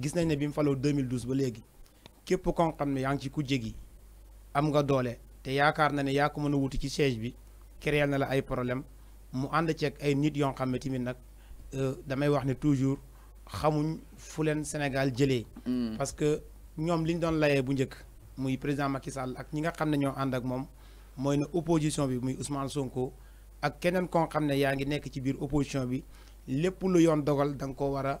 gis nañ ne bi mu faloo 2012 ba léegi képp koo xam ne yaa ngi ci ku gi am nga doole te yaakaar na ne yaa ko mën a wuti ci siège bi créer na la ay problème mu ànd ceeg ay nit yoo xam ne tamit nag euh, damay wax ne toujours xamuñ fu leen Sénégal jëlee. Mm. parce que ñoom ñu doon layee bu njëkk muy président Macky Sall ak ñi nga xam ne ñoo ànd ak moom mooy ne opposition bi muy Ousmane Sonko ak keneen koo xam ne yaa ngi nekk ci biir opposition bi lépp lu yoon dogal da ko war a.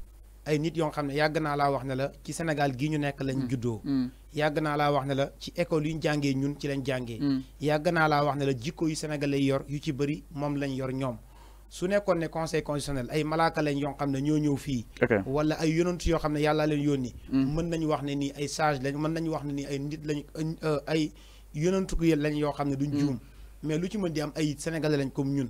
ay nit yoo xam ne yàgg naa laa wax ne la ci Sénégal gii ñu nekk lañ mm. juddoo. Mm. yàgg naa laa wax ne la ci école yu ñu jàngee ñun ci lañ jàngee. Mm. yàgg naa laa wax ne la jikko yu sénégalais yor yu ci bëri moom lañ yor ñoom. su nekkoon ne conseil constitutionnel ay malaaka lañ yoo xam ne ñoo ñëw fii. wala ay yonantu yoo xam ne yàllaa leen ni mën nañu wax ne nii ay sage lañ mën nañu wax ne nii ay nit lañ ay yonantu lañ yoo xam ne duñ juum. mais lu ci mën di ay sénégalais lañ comme ñun.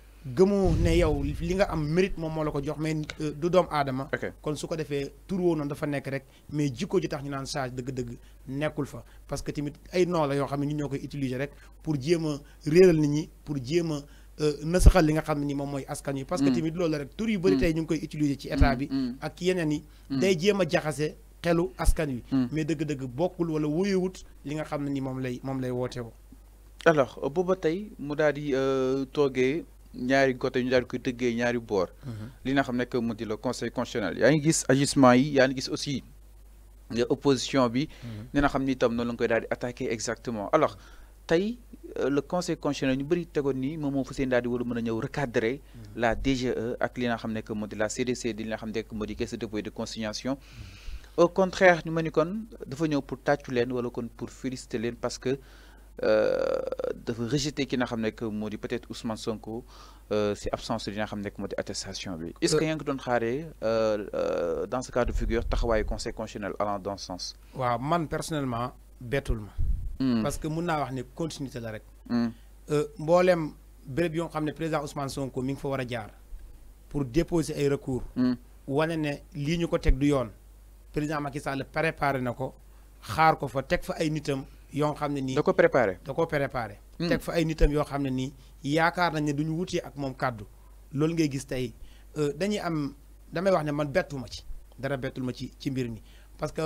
gëmoo ne yow li nga am mérit moom moo la ko jox mais euh, du doom aadama kon su ko defee tur woo noonu dafa nekk rek mais jikko ji tax ñu naan sage dëgg-dëgg nekkul fa parce que tamit ay noo la yoo xam ne ñu ñoo koy utiliser rek pour jéem a réeral nit ñi pour jéem a euh, nasaxal li nga xam ne ni moom mooy askan yi parce que mm. tamit loolu la rek tur yu bëri mm. tey ñu ngi koy utiliser ci état mm. bi ak yeneen yi day jéem a jaxase xelu askan wi mais dëgg-dëgg bokkul wala wóyewut li nga xam ne nii moom lay moom lay woote woo alors euh, booba tey mu daal di toogee ñaari côté ñu dal koy tëggee ñaari bor mhm. li nga xamné que moo le conseil constitutionnel ya ngi gis agissement yi ya ngi gis aussi opposition bi. Mhm. dina nga xam ni itam noonu la koy dal di exactement alors tay euh, le conseil constitutionnel ñu bari tegoon nii mo moo fa seen di war mëna ñëw recadrer mhm. la DGE ak li nga xamné que modi la CDC di nga xam ne moo di caisse de dépôt de consignation. au contraire ñu ma kon dafa ñëw pour tatchu len wala kon pour féliciter len parce que. Euh, dafa rejeté ki nga xam nekk moo peut-être Ousmane Sonko euh, si absence li nga xam attestation bi. est-ce que euh, yaa ngi doon xaaree dans ce cas de figure taxawaayu conseil constitutionnel allant dans ce sens. waaw man personnellement bettul ma. Hmm. parce que mun n'a wax ne continuité la rek. Hmm. mboolem béréb yoo xam ne président Ousmane Sonko mi ngi fa war jaar pour déposer ay recours. Hmm. wane ne lii ñu ko teg du yoon président Macky Sall préparé na ko xaar ko fa teg fa ay nitam. yon xam ne nii da ko préparé da ko préparé hmm. teg fa ay nitam yoo xam ne nii yaakaar nañ ne du ñu wuti ak moom kàddu loolu ngay gis tey euh, dañuy am damay wax ne man bettuma ci dara bettul ma ci ci mbir mi parce que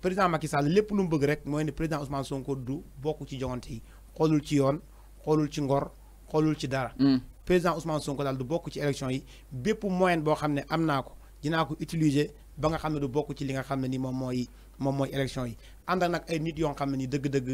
président Macky Sall lépp lu mu bëgg rek mooy ne président Ousmane Sonko du bokk ci joŋante yi xoolul ci yoon xoolul ci ngor xoolul ci dara hmm. président Ousmane Sonko daal du bokk ci élection yi bépp moyen boo xam ne am naa ko dinaa ko utiliser ba nga xam ne du bokk ci li nga xam ne nii moom mooy moom mooy élection yi ànd ak nag ay nit yoo xam ne ni dëgg-dëgg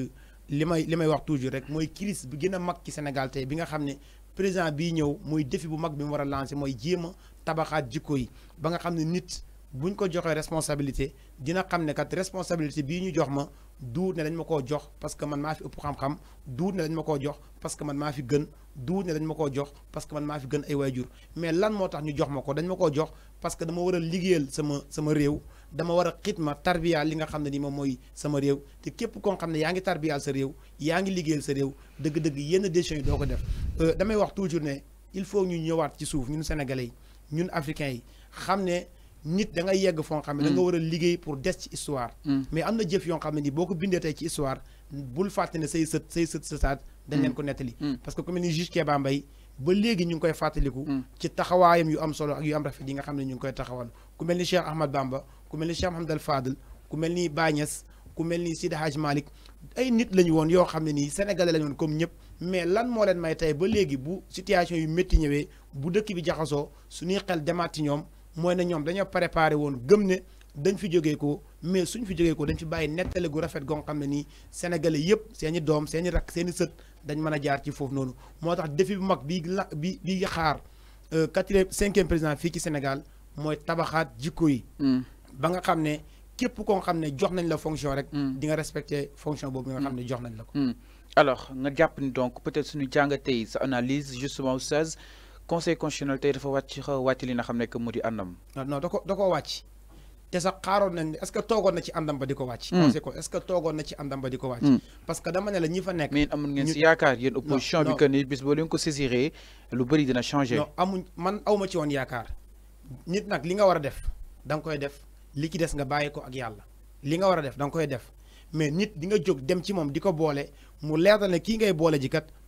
li may li may wax toujours rek mooy crise bi gën a mag ci Sénégal bi nga xam ne président bii ñëw muy défi bu mag bi mu war a lancé mooy jéema a tabaxaat jikko yi ba nga xam ne nit buñ ko joxee responsabilité dina xam ne kat responsabilité bii ñu jox ma duut ne dañ ma koo jox parce que man maa fi ëpp xam-xam duut ne dañ ma ko jox parce que man maa fi gën duut ne dañ ma koo jox parce que man maa fi gën ay waajur mais lan moo tax ñu jox ma ko dañ ma koo jox parce que dama wara a liggéeyal sama sama réew dama war a ma tarbiyaal li nga xam ne ni moom mooy sama réew te képp kon xam ne yaa ngi tarbiyaal sa réew yaa ngi liggéeyal sa réew dëgg-dëgg yenn décisions yi doo ko def euh, damay wax toujours ne il faut ñu ñëwaat ci suuf ñun sénégalais ñun africains yi xam ne nit da ngay yegg foo xam ne da nga mm. war a liggéey pour des ci histoire. Mm. mais am na jëf yoo xam ne nii boo ko bindee tey ci histoire bul fàtte ne say sët say sët sëtaat dañ leen mm. ko nettali. parce que comme ni juge Kéba Mbaye ba léegi ñu ngi koy fàttaliku. ci taxawaayam yu am solo ak yu am rafet yi nga xam ne ñu ngi koy taxawal ku mel ni Cheikh Ahmad Bamba ku mel ni Cheikh Mouhamadou Fadel ku mel ni Baye Niass ku mel ni Sidi Hadj Malick ay nit lañu woon yoo xam ne nii sénégalais lañu woon comme ñëpp. mais lan moo leen may tey ba léegi bu situation yu métti ñëwee bu dëkk bi jaxasoo suñuy xel demaat ci ñoom moy ne ñom dañu préparé woon gëm fi ko mais suñ fi joggé ko dañ fi bayyi netalé gu rafet sénégalais yépp dom rak jaar ci fofu nonu motax défi bu mag bi bi bi 4 euh, cinquième président ci Sénégal moy jikko yi. Mm. ba nga xamné képp ko jox nañ la fonction rek. Mm. di nga la alors peut-être analyse justement 16 conseil constitutionnel tey dafa wàcc wacc a wàcc li nga xam que mu andam non non dako ko da koo wàcc sax xaaroon nañ est ce que togon na ci andam ba diko wacc wàcc. Hmm. conseil con est ce que togon na ci andam ba diko wacc hmm. parce que dama ne la ñi fa nek mais amoon ngeen ci yaakar yeen opposition bi que ni bis bo leen ko saisiré lu bari dina changer non amun man awma ci won yaakar nit nak li nga wara def dang koy def li ci dess nga bayiko ak yalla li nga wara def dang koy def mais nit di nga jog dem ci mom diko bolé mu leeral ne kii ngay bolé ji kat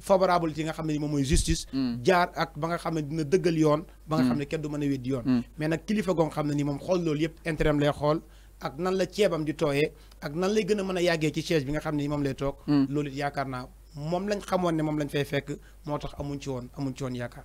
favorable ci nga xam ne moom mooy justice. Mm. jaar ak ba nga xam ne dina dëggal yoon. ba nga xam ne mm. kenn du mën a weddi yoon. Mm. mais nag kilifa goo xam ne nii moom xool loolu yëpp intérêt am lay xool. ak nan la ceebam di tooyee ak nan lay gën a mën a yàggee ci chaise bi nga xam ne moom lay toog. loolu yaakaar naa moom lañ xamoon ne moom lañ fay fekk moo tax amuñ ci woon amuñ ci woon yaakaar.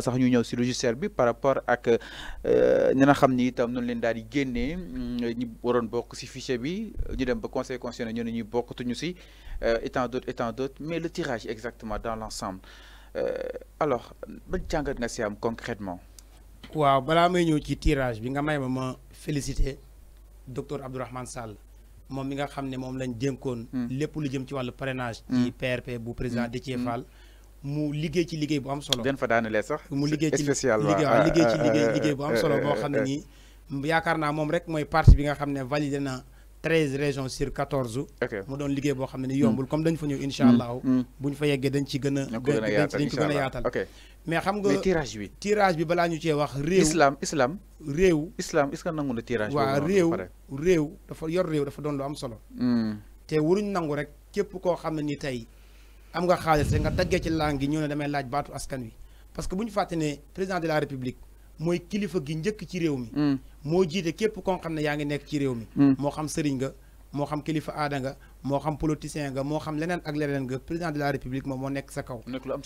balaa sax ñu ñëw ci logiciel bi par rapport ak euh, ñi nga xam ni itam noonu leen daal di génné mm, ñi waron bokk ci fichier bi ñu dem ba conseil constitutionnel ñu ne ñuy bokkatuñu si euh, et tant d'autres et tant d'autres mais le tirage exactement dans l'ensemble euh, alors ba jangat nga ci am concrètement waaw bala may ñëw ci tirage bi nga may ma ma félicité docteur Abdourahmane Sall mom mi nga xamné mom moom lañ dénkoon hmm. lépp lu jëm ci walu parrainage ci PRP hmm. bu président hmm. Déthié Fall mu liggéey ci liggéey bu am solo. den fa daanelee sax. mu liggéey ci spécial ah, ah, boo ah, xam ne nii. yaakaar naa moom rek mooy parti bi nga xam ne validé na treize régions sur quatorze. mu doon liggéey boo xam ne ni yombul comme dañ fa ñëw incha mm. allah. Mm. bu ñu fa yeggee dañ ci gën a. dañ ci gën a yaatal mais xam nga tirage bi. tirage bi balaa ñu cee wax. réew islam islam. réew islaam est-ce que nangu na tirage. waaw réew réew dafa yor réew dafa doon lu am solo. Mm. te waruñ nangu rek képp koo xam ne ni tey am nga xaalis rek nga daggee ci langue gi ñëw ne damay laaj baatu askan wi parce que bu ñu fàtte ne président de la république mooy kilifa gi njëkk ci réew mi. Mm. moo jiite képp kon xam ne yaa ngi nekk ci réew mi. Mm. moo xam sëriñ nga moo xam kilifa aada nga moo xam politicien nga moo xam leneen ak leneen nga président de la république moom moo nekk sa kaw.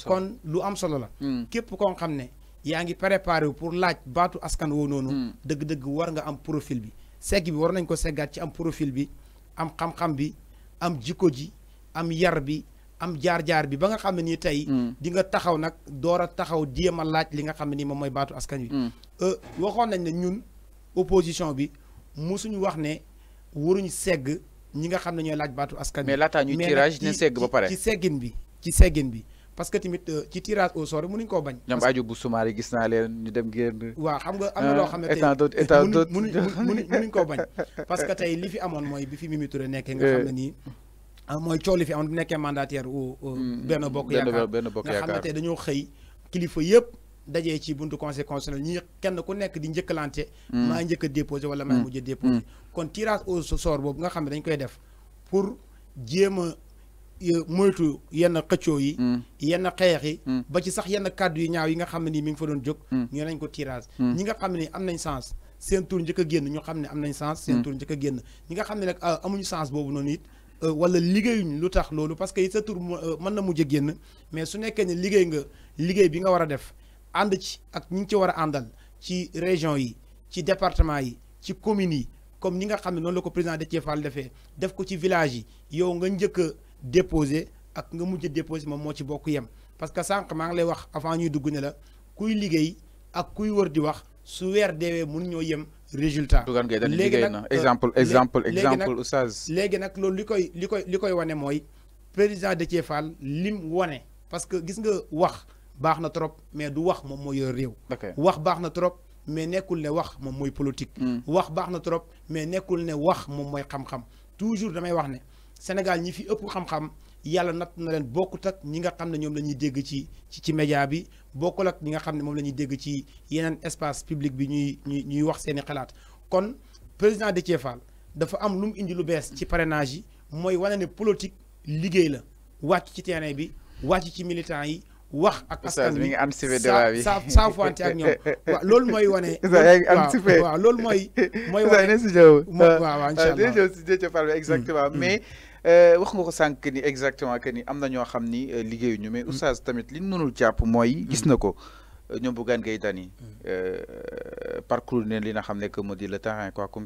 kon lu am solo la. Mm. képp koo xam ne yaa ngi préparé wu pour laaj baatu askan woo noonu. dëgg-dëgg war nga am profil bi. segg bi war nañ ko seggaat ci am profil bi am xam bi am jikko ji am yar bi. am jaar-jaar bi ba nga xam ne nii tey. Mm. di nga taxaw nag door a taxaw jéem a laaj li nga xam ne nii moom mooy baatu askan wi. Mm. Euh, waxoon nañ ne ñun opposition bi mu musuñu wax ne waruñ segg ñi nga xam ne ñooy laaj baatu askan wi. mais laataa ñuy tirage ne segg ba pare ci seggin bi ci seggin bi. parce que tamit euh, ci tirage au sort mënuñ koo bañ. ñoom aju bu sumaar gis naa leen ñu dem génn. waaw xam nga am na loo xam ne ah, tey mënuñ mënuñ mënuñ koo bañ. parce que tey li fi amoon mooy bi fi Mimi Touré nekkee nga euh, xam ne nii. Ah, mooy coow li fi am bu nekkee mandataire u mm, mm, benn bokk yaakaar nga xam ne tey dañoo xëy kilifa yëpp dajee ci buntu conseil constitutionnel ñi kenn ku nekk di njëkkalante mm. maa njëkk a déposé wala maa mujj a déposé kon tirage au sort boobu nga xam ne dañ koy def pour jéem a moytu yenn xëccoo yi yenn xeex yi ba ci sax yenn kàddu yu ñaaw yi nga xam ne nii mi ngi fa doon jóg ñu nañ ko tirage ñi nga xam ne am nañ sens seen tur njëkk a génn ñu xam ne am nañ sens seen njëkk génn ñi xam ne nag ah, amuñu sens boobu noonu it Euh, wala liggéeyuñ lu tax loolu parce que sa tur euh, mën na mujj a génn mais su nekkee ne liggéey nga liggéey bi nga war a def ànd ci ak ñi ngi ci war a àndal ci région yi ci département yi ci communes yi comme ni nga xam ne noonu la ko président Déthié Fall defee def ko ci village yi yow nga njëkk a déposé ak nga mujj déposé moom moo ci bokk yem parce que sànq maa ngi lay wax avant ñuy dugg ne la kuy liggéey ak kuy wër di wax su des deewee résultats. yem résultat euh, exemple exemple exemple oustaz léegi nag loolu li koy li koy li wane mooy président de Fall lim wane parce que gis nga wax baax na trop mais du wax mon mooy Rio. réew wax na trop mais nekkul ne wax mon moy politique wax baax na trop mais nekkul ne wax mon moy hmm. xam-xam toujours damay wax ne Sénégal ñi fi ëpp xam-xam yàlla natt na leen bokkut ak ñi nga xam ne ñoom la ñuy dégg ci ci ci média bi bokkul ak ñi nga xam ne moom la ñuy dégg ci yeneen espace public bi ñuy ñuy ñuy wax seeni xalaat kon président Déthié Fall dafa am lu mu indi lu bees ci parenage yi mooy wane ne politique liggéey la wàcc ci terrain bi wàcc ci militant yi wax ak askan mi nga am débat bi saa saa foante ak ñoom loolu mooy wane. yaa waaw loolu mooy. mooy wane waaw waaw incha ah, allah si Déthié mm, mm, mais. Mm. Euh, wax nga ko sànq ni exactement que ni am na ñoo xam ni euh, liggéeyuñu mais mm. oustaz tamit li ñu mënul jàpp mooy mm. gis na ko euh, ñoom Bougane Gueye Dany mm. parcours ne li na xam ne que moo di le terrain quoi comme